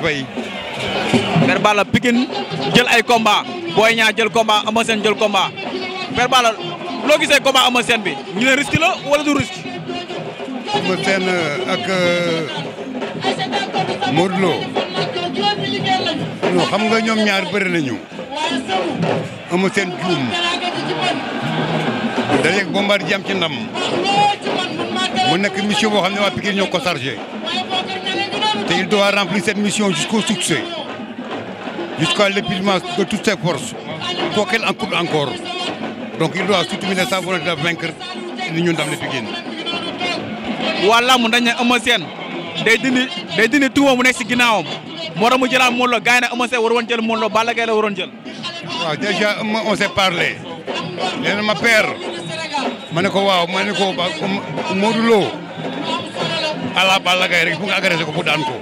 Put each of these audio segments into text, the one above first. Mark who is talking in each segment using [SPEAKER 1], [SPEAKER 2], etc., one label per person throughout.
[SPEAKER 1] kilifa yi. Père Balla Pikine jël ay combat Boy ñaa jël combat Eumeu Sène jël combat Père Balla loo gisee combat Eumeu Sène bi ñu ne risque la wala du risque. Eumeu Sène
[SPEAKER 2] euh, ak euh, Modou Lo non xam nga ñoom ñaar bëri nañu Eumeu Sène juum dajeeg Bombardier am ci ndam mu nekk mission boo xam ne waa Pikine ñoo ko chargé. il doit remplir cette mission jusqu'au succès, jusqu'à l'épuisement de toutes ses forces, pour qu'elle en coupe encore. Donc il doit soutenir sa volonté de vaincre l'Union d'Amérique.
[SPEAKER 1] Voilà, mon dernier day mu la déjà on s'est parlé. père.
[SPEAKER 2] à la Balla Gaye rek bu nga agressé ko bu daan ko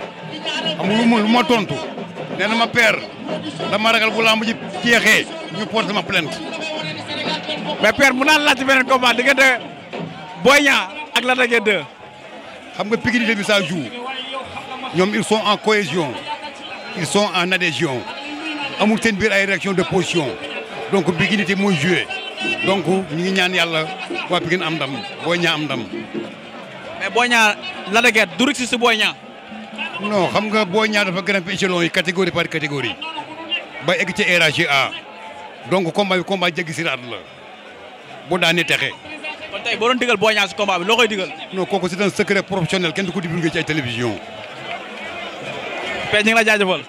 [SPEAKER 2] xam lu ma lu ma tontu nee ma père dama ragal bu lamb ji jeexee ñu porté ma plainte. mais père mu naan laajte beneen combat diggante Boy Niang ak Lac de Guiers 2. xam nga Pikine début ça ñoom il sont en cohésion il sont en adhésion amul seen biir ay réaction de position donc Pikine te mooy joué donc ñu ngi ñaan yàlla waa Pikine am ndam Boy Niang am ndam. mais Boy Niang la da du rëcc si Boy Niang. non xam nga Boy Niang dafa gën a échelon yi catégorie par catégorie ba egg ci RHA donc combat bi combat jéggi siraat la bu daanee texe. kon tey boo doon digal Boy Niang si combat bi loo koy digal. non kooku c'est un secret professionnel kenn du ko divulgué ci ay télévision. mais ñu ngi la jaajëfal.